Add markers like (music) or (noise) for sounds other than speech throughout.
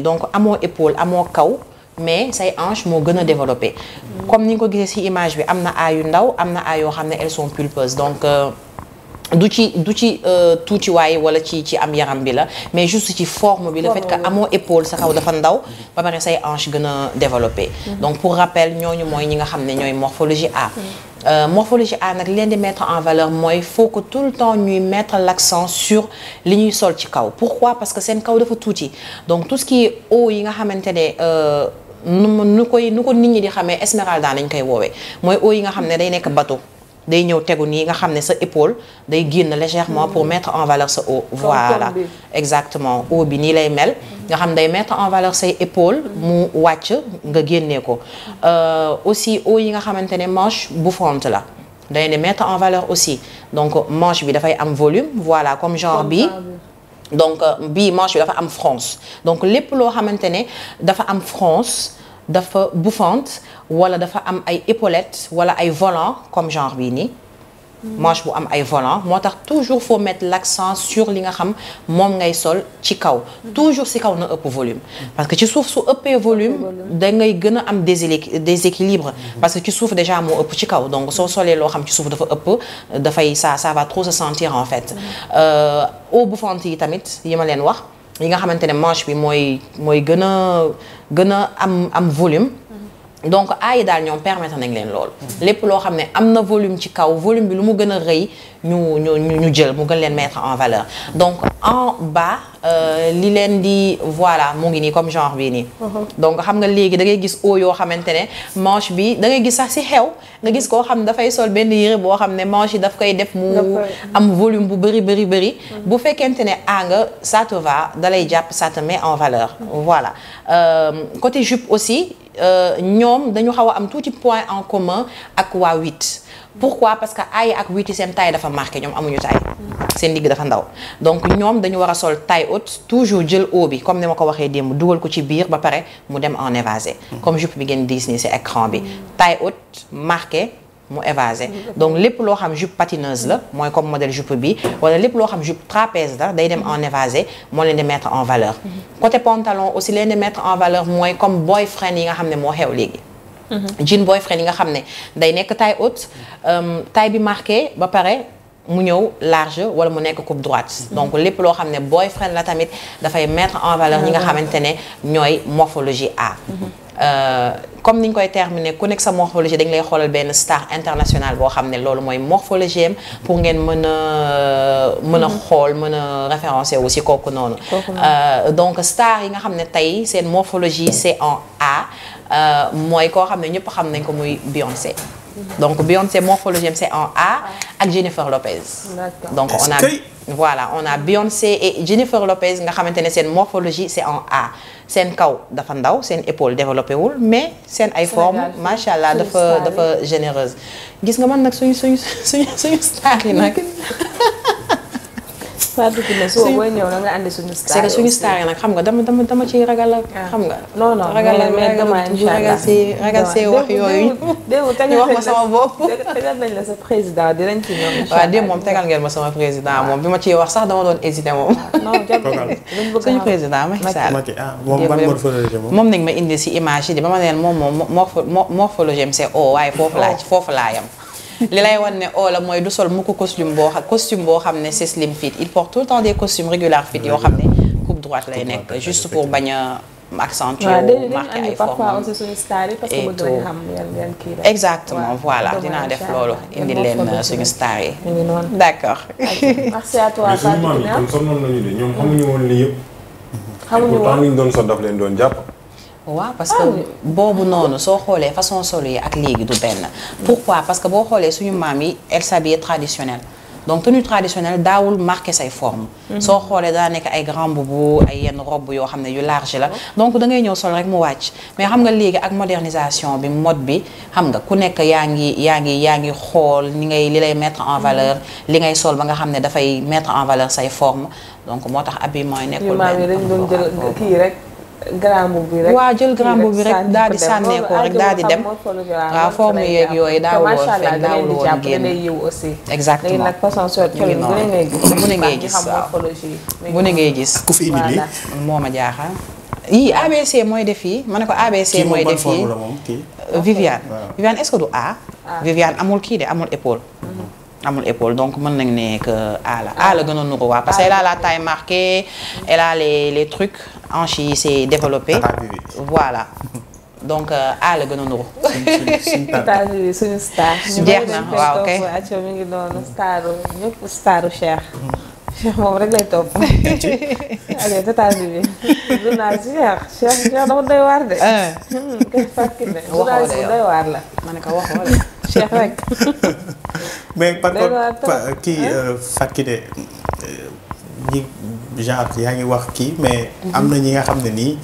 donc amoo épaule amoo kaw mais say hanche moo gën a développé. comme ni nga ko gisee si image bi am na aayu ndaw am na aay yoo xam ne elles sont donc. Euh, du ci du ci euh, tuuti waay wala ci ci am yaram bi la mais juste ci forme bi la fait que amoo épaule sa kaw dafa ndaw ba pare say hanche gën a développé mhm. donc pour rappel ñooñu mooy ñi nga xam ne ñooy morphologie A mhm. Euh, morphologie A nag leen di mettre en valeur mooy faut que tout le temps ñuy mettre l'accent sur li ñuy sol ci kaw pourquoi parce que seen kaw dafa tuuti donc tout ci qui est yi nga xamante ne euh, nu nu koy nu ko nit ñi di xamee esmeralda lañ koy woowee mooy haut yi nga xam ne day nekk bateau day ñëw tegu nii nga xam ne sa épaule day génn légèrement pour hmm. mettre en valeur sa eau. voilà exactement eau bi nii lay mel. nga xam day mettre en valeur say épaule hmm. mu wàcc nga génnee ko euh, aussi eau yi nga xamante ne manche bouffante la. day ne mettre en valeur aussi donc manche bi dafay am volume voilà comme genre bi donc euh, bi manche bi dafa am France donc lépp loo xamante ne dafa am France. dafa bouffante wala dafa am ay épaulettes wala ay volant comme genre bii nii manche bu am ay volant moo tax toujours faut mettre l'accent sur li nga xam moom ngay sol ci kaw toujours si kaw na ëpp volume parce que ci suuf su ëppee volume da ngay gën a am déséquilibre mmh. parce que ci suuf déjà moo ëpp ci kaw donc soo solee loo xam ci suuf dafa ëpp dafay saa ça va trop se sentir en fait mmh. euh, eau bouffante yi tamit yi ma leen wax yi nga xamante ne manche bi mooy mooy gën a gën a am am volume donc aay daal ñoom permettre nañ leen loolu. lépp loo xam ne am na volume ci kaw volume bi lu mu gën a rëy ñu ñu ñu jël mu gën leen mettre en valeur donc en bas euh, li leen di voilà mu ngi nii comme genre bii nii. Mhm. donc xam nga léegi da ngay gis eau yoo xamante ne manche bi dangay gis sax si xew nga gis koo xam ne dafay sol benn yére boo xam ne manche yi daf koy def mu am volume bu bëri bëri bëri. Mhm. bu fekkente ne a nga ça te da lay jàpp ça te met en valeur. Mhm. voilà euh, côté ñoom dañu xaw a am tuuti point en commun ak waa huit pourquoi parce que ay ak huit yi seen taille dafa marqué ñoom amuñu taille seen digg dafa ndaw donc ñoom dañu war a sol taille ot toujours jël haut bi comme ni ma ko waxee démb dugal ko ci biir ba pare mu dem en évasé comme jupe bi ngeen diis nii si écran bi taille haute marqué mu évasé donc lépp loo xam jupe patineuse la mooy comme modèle jupe bi wala lépp loo xam jupe trapèze la day dem en évasé moo leen di mettre en valeur xam ne moo xew léegi jean boyfriend yi nga xam ne day nekk taille haute euh, taille bi marqué ba pare. mu ñëw large wala mu nekk coupe droite. Mhm. donc lépp loo xam ne boyfriend la tamit dafay mettre en valeur ñi nga xamante ne ñooy morphologie A. Mhm. Euh, comme ni ñu koy terminer ku nekk sa morphologie dañ lay xoolal benn star international boo xam ne loolu mooy morphologie am pour ngeen mën a. Mhm. mën a xool mën a référencé aussi kooku noonu. Euh, donc star yi nga xam ne tey seen morphologie c'est en A euh, mooy koo xam ne ñëpp xam nañ ko muy Beyoncé. donc Beyoncé Morphology c'est en A ak Jennifer Lopez. donc on a voilà on a Beyoncé et Jennifer Lopez nga xamante ne seen morphologie c'est en A seen kaw dafa ndaw seen épaule développé wul mais seen ay forme macha allah dafa dafa généreuse gis nga man nag suñu suñu suñu suñu star yi nag. (laughs) Fatou Kiné suba booy ñëw na nga andi suñu nag xam nga dama dama dama ciy ragal ak ah. xam nga. non non ragal la dama incha allah ragal si ragal si wax yooyu. démb tegal (laughs) wax ma sama bopp. (laughs) nañ la sa président dinañ ci ñëw incha allah waaw démb moom tegal ngeen ma sama président ah. moom bi ma ciy wax sax dama doon hésité moom. Ah, non jàpp suñu président Macky Sall. Macky ah moom ban nañ ma indi si image yi ba ma neen moom moom morphologie c'est o waaye foofu laa foofu laa yam li lay wan ne Ola oh mooy du sol mukk costume boo xam costume boo xam ne c'est slim fit il porte tout le temps des costumes réguliers fit yoo xam ne coupe droite lay nekk juste pour bañ a accentuer ou marquer ay formes et tout exactement voilà dinaa def loolu indi leen euh, suñu star yi. (laughs) waaw parce que boobu noonu soo xoolee façon solo yi ak léegi du benn pourquoi parce que boo xoolee suñu maam yi elle s'habillait traditionnelle donc tenue traditionnelle daawul marqué say forme mhm. soo xoolee daa nekk ay grand boubou ay yenn robe yoo xam ne yu large la donc da ngay ñëw sol rek mu wàcc mais xam nga léegi ak modernisation bi mode bi xam nga ku nekk yaa ngi yaa ngi yaa ngi xool ni ngay li lay metre en valeur mhm. li ngay sol ba nga xam ne dafay metre en valeur say forme grand boubou bi rek waaw jël grand boubou bi rek daal di sànneeku rek daal di dem waaw forme yeeg yooyu daawul woon fenn daawul woon génn exactement léegi nag gis bu ne ngay gis waaw bu ne ngay jaaxal yii ABC mooy def yi ma ne ko ABC mooy def yi Viviane ah. Viviane est du A ah. Viviane amul kii de amul épaule mhm. amul épaule donc mën nañ ne ala A ah. la A la gën a nuru waaw parce que ah. elle a la taille marquée elle a les les trucs hanche yi s'est développée voilà donc euh, A (laughs) la gën a nuru. suñu star. jeex na waaw kay jeex na waaw kay. ñu ngi doon staru ñëpp staru Cheikh moom rek lay topp. allez tata bi bi. journal si Cheikh Cheikh Cheikh dafa doy waar de. kay fàkki ne. journal si doy waar la. ma ne ko waxoo de Cheikh rek. mais par contre kii fàkki de ñi genre yaa ngi wax kii mais. am na ñi nga xam ne eh, nii.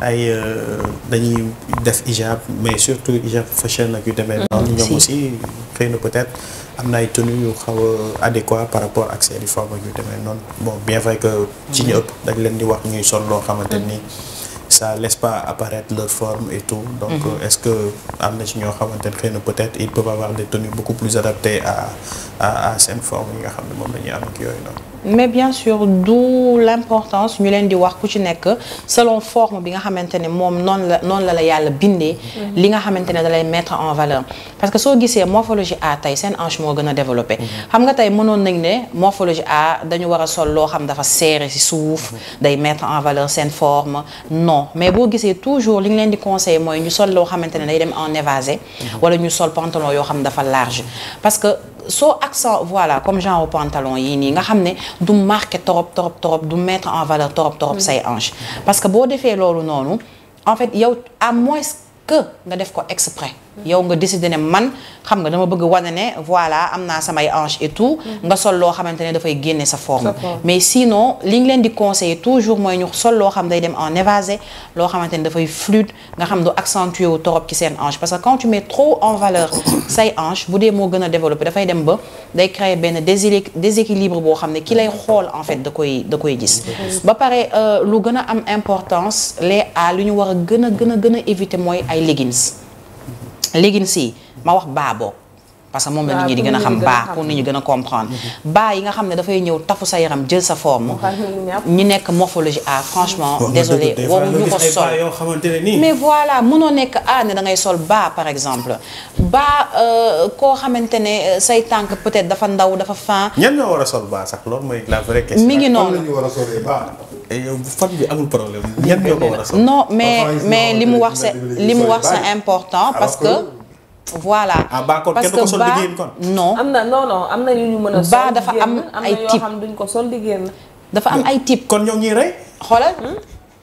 ay euh, dañuy def hijab mais surtout hijab fashion ak yu demee mm. noonu ñoom aussi xëy na peut-être am na ay tenues yu xaw a adéquat par rapport ak seen i ak yu demee noonu bon bien vrai que ci ñu mm. ëpp dañ leen di wax ñuy sol loo xamante mm. nii ça laisse pas apparaître leur forme et tout donc mhm. euh, est-ce que am na ci ñoo xamante ne xëy na peut-être ils peuvent avoir des tenues beaucoup plus adaptées à à à seen nga xam moom la ñu leen di wax ku ci nekk selon forme bi nga xamante ne moom noonu la noonu la la yàlla bindee mhm. li nga xamante ne da lay mettre en valeur parce que soo gisee morphologie A tey seen hanche moo gën a développé mhm. xam nga tey mënoon nañ ne morphologie A dañu war a sol loo xam dafa serré ci suuf day mettre en valeur seen forme non mais boo gisee toujours li ñu leen di conseil mooy ñu sol loo xamante ne day dem en évasé. wala ñu sol pantalon yoo xam dafa large parce que soo accent voilà comme genre pantalon yii nii nga xam ne du marqué trop trop trop du mettre en valeur trop trop say ange parce que boo defee loolu noonu en fait yow à moins que nga def ko exprès yow nga décidé ne man xam nga dama bëgg wane ne voilà am naa samay hanche et tout mm. nga sol loo xamante ne dafay génne sa forme mais sinon li ngi leen di conseiller toujours mooy ñu sol loo xam day dem en évasé loo xamante ne dafay fluide nga xam du accentuer wu torop ci seen hanche parce que quand tu mets trop en valeur (coughs) say hanche bu dee moo gën a développé dafay dem ba day créer benn déséquilibre boo xam ne ki lay xool en fait da koy da koy gis ba pare euh, lu gën a am importance les a lu ñu war a gën a gën a gën a éviter mooy ay leggings léegi si ma wax baa parce que moom la nit a xam baa pour nit ñi gën a comprendre baa yi nga xam ne dafay ñëw tafu sa yaram jël sa forme ñi nekk morphologie A franchement désolé waruñu ko sol mais voilà mënoo nekk A ne da sol baa par exemple baa euh, koo xamante ne euh, say tànk peut-être dafa ndaw dafa fin ñan a ngi noonu a eh, mais li mu wax c'est li mu wax c'est important parce que voilà ah, parce que ba non am na non am na ñu mën a. sol dafa am ay type ko sol di génn dafa ay type kon ñoo ñuy rey. xoolal. Hmm?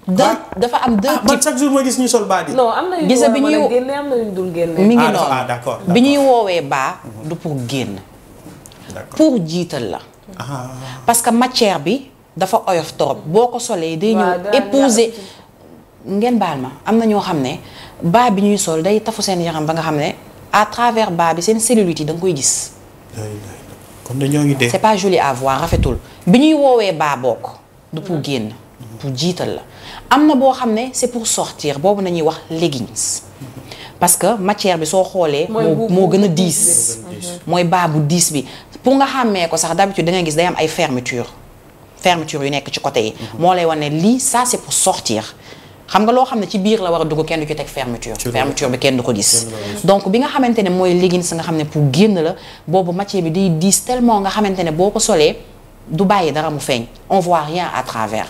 deux dafa am deux ah, types man chaque jour gis ñu sol baa di. non na yu bi ñuy am na yu ñu dul génne. mi ngi ah, bi ñuy woowee baa mhm. du pour génn. pour jiital la. parce que matière bi dafa oyof torop boo ko solee day ñëw épouser. ngeen baal ma am na ñoo xam ne baa bi ñuy sol day tafu seen yaram ba nga xam ne. à travers baa bi seen cellulite yi da nga koy gis. comme dañoo c'est pas joli à voir rafetul bi ñuy woowee baa bokk. du pour mm-hmm. génn. pour jiital la am na boo xam ne c'est pour sortir boobu nañuy wax leggings parce que matière bi soo xoolee. moo moo gën a diis. mooy baa bu diis bi pour nga xàmmee ko sax d'habitude da ngay gis day am ay fermeture fermeture yu nekk ci côté yi. Mm-hmm. moo lay wane lii ça c'est pour sortir. xam nga loo xam ne ci biir la war a dugg kenn du ci teg fermeture fermeture bi kenn du ko gis donc bi nga xamante ne mooy leggings nga xam ne bi day diis tellement nga xamante ne boo ko solee du bàyyi dara mu feeñ on voit rien à travers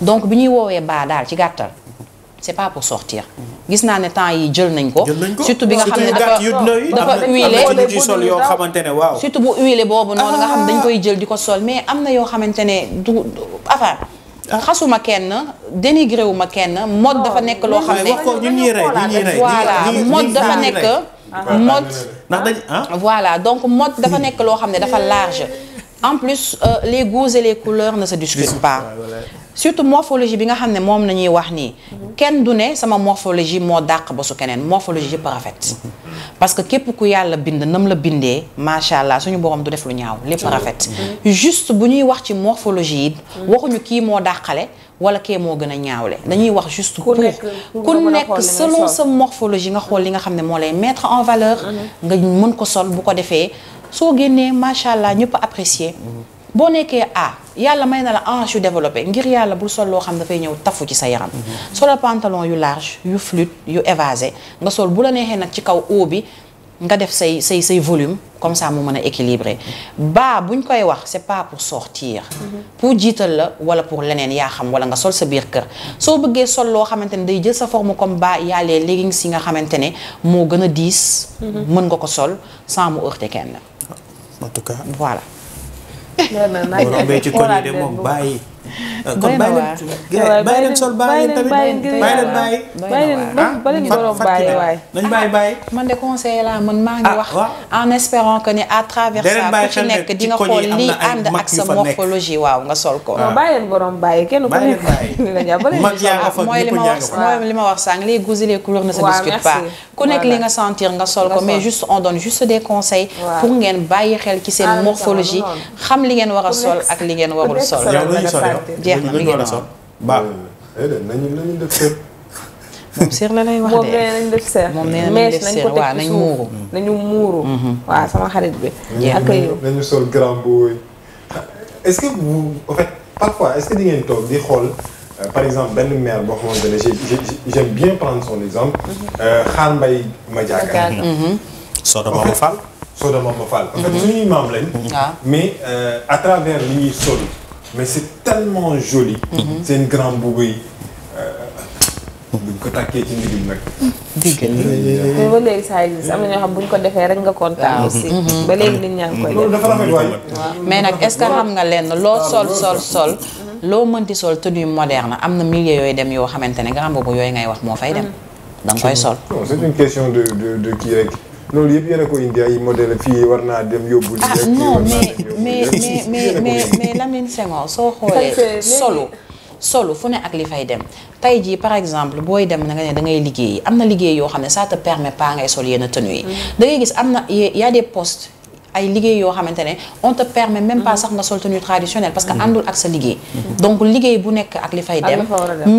donc bi ñuy woowee baax daal ci gàttal c'est pas pour sortir gis naa ne temps yi jël nañ ko surtout bi nga xam ne dafa dafa huilé surtout bu huilé boobu noonu nga xam dañ ah. koy jël di ko sol mais am na yoo xamante ne du enfin xasuma kenn dénigré wu ma kenn mode dafa nekk loo xam ne. voilà mode dafa nekk. mode ah? voilà donc mode dafa nekk loo xam ne dafa large en plus euh, les goûts et les couleurs ne se discutent pas. surtout morphologie bi nga xam ne moom nañuy wax nii kenn du ne sama morphologie moo dàq ba su keneen morphologie yëpp rafet parce que képp ku yàlla bind nam la bindee macha allah suñu borom du def lu ñaaw lépp rafet juste bu ñuy wax ci morphologie yi waxuñu kii moo dàqale wala kee moo gën a ñaawle dañuy wax juste pour ku nekk selon sa morphologie nga xool li nga xam ne moo lay mettre en valeur mhm. nga mën ko sol bu ko defee soo génnee macha allah ñëpp apprécier boo nekkee A yàlla may na la hanche yu développé ngir yàlla bul sol loo xam dafay ñëw tafu ci sa yaram. Mhm. solo pantalon yu large yu flûte yu évasé nga sol bu la neexee nag ci kaw O bi nga def say say say volume comme ça mu mën a équilibré mhm. bu buñ koy wax se pas pour sortir. Mhm. pour jiital la wala pour leneen yaa xam wala nga sol sa biir kër. soo bëggee sol loo xamante ne day jël sa forme comme baa y a si nga xamante ne moo gën a diis. mën nga ko sol sans mu heurter kenn. boo rombee ci koñ moom bàyyi. kon bàyyi leen bàyyi leen sol bàyyi leen tamit bàyyi leen bàyyi bàyyi leen ba leen borom bàyyi waay nañ bàyyi bàyyi man de conseil laa man maa ngi ah, wax en espérant que ni à travers ça ku ci nekk di nga xool lii ànd ak sa morphologie waaw nga sol ko ah. bàyyi leen borom bàyyi kenn ku nekk (laughs) mooy li ma wax mooy li ma wax sànq les goûts et les couleurs ne se discutent pas ku nekk li nga sentir nga sol ko mais juste on donne juste des conseils pour ngeen bàyyi xel ci seen ah, morphologie xam li ngeen war a sol ak li ngeen warul sol jeex na mi ngi noonu baax nañu def seer. (laughs) moom seer la lay wax de moom nee nañu def seer. moom nee nañu def seer waaw nañu muuru nañu muuru. Mhm. waaw sama xarit bi. ak yow nañu sol grand boy est-ce que vous que di xool. Euh, par exemple benn mère boo xamante ne j'aime bien prendre xaar mbay ma jàkkaar. Soda Mama Fall. Soda Mama Fall. maam lañ. Ah. mais euh, à travers li ñuy sol. mais c'est tellement joli. Mhm. seen grand boubou euh, yi. buñ ko takkee ci ndigum nag. dëgg la ba léegi saa yu gis am na ñoo xam buñ ko defee rek nga kontaan mhm. aussi. Mhm. ba léegi nit ñaa ngi koy def. dafa rafet waay. mais nag est-ce que xam nga lenn loo ah, sol sol sol. loo mënti sol tenue moderne am na milliers yooyu dem yoo xamante ne grand yooyu ngay wax moo fay dem. da koy sol. c'est une question de de de rek. loolu yëpp yéen a ko indi ay modèle fii war naa dem yóbbu. ah non mais mais soo (laughs) solo solo fu ne ak li fay dem. tey jii par exemple booy dem na nga ne da ngay liggéey am na liggéey yoo xam ne ça te permet pas ngay sol yenn tenue yi. Mm-hmm. da gis am na y' a des postes. ay liggéey yoo xamante ne on te permet même pas sax nga sol tenue traditionnelle parce que mhm. àndul ak sa liggéey mhm. donc liggéey bu nekk ak li fay dem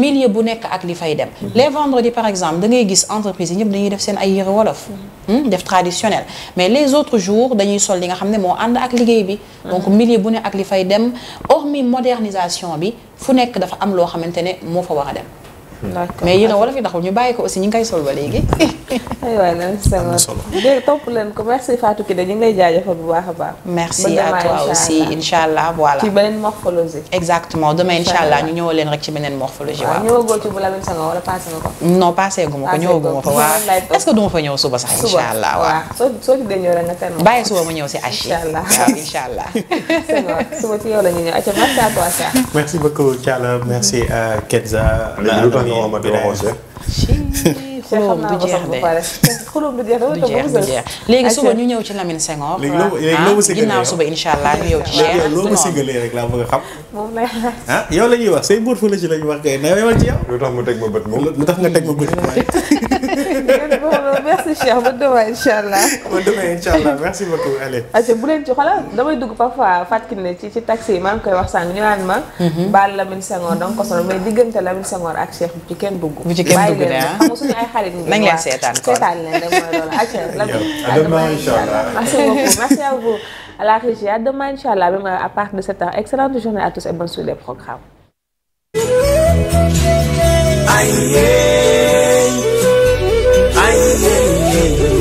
milieu bu nekk ak li fay dem mhm. les vendredis par exemple dangay gis entreprise yi ñëpp dañuy def seen ay yére wolof hmm, def traditionnel mais les autres jours dañuy sol li nga xam ne moo ànd ak liggéey bi donc milieu bu ne ak li fay dem hormis modernisation bi fu nekk dafa am loo xamante ne moo fa war a dem mais yéen a wala fi taxul ñu bàyyi ko aussi ñu ngi koy sol ba léegi. (laughs) aywa na la solo dégg topp leen ko merci Fatou Kine ñu ngi lay jaajëfal bu baax a baax. merci à toi aussi incha allah voilà. ci beneen morphologie. exactement ñu ñëwal leen rek ci beneen morphologie. waaw ñëwagoo ci ma ko ñëwaguma ko suba sax. incha allah waaw soo soo ci ma ñëw si H. incha allah waaw incha allah. (laughs) suba ci yow la ñuy ñëw merci à toi ça. merci beaucoup nga ma di waxoo xulóom du jeex de xulóom du jeex du léegi suba ñu ñëw ci Lamine Senghor. léegi loo ah, léegi loo ma sigalee ginnaaw suba incha ñu ñëw ci Cheikh. loo ma sigalee rek laa bëgg a xam. moom ah, yow la ñuy wax say mbóot fa la wax kay na yow ci yow. lu tax mu teg ma bët moom lu tax nga teg ma bët (laughs) merci Cheikh ba demain incha allah. (laughs) ba demain incha allah merci beaucoup Allé. parce ah, que bu leen ci xoolal damay dugg parfois Fatou ne ci ci taxi yi maa ngi koy wax sànq ñu naan ma. Mhm. baal Lamine Senghor da nga ko sonal mais diggante Lamine Senghor ak Cheikh bu ci kenn dugg. bu ci kenn dugg de ah xam nga suñu ay xarit. nañ leen seetaan quoi seetaan leen rek mooy loolu ak ah, Cheikh. à demain incha allah merci beaucoup merci à vous à la régie à demain incha allah même à partir de 7h excellente journée à tous et bonne suite des programmes. Hey.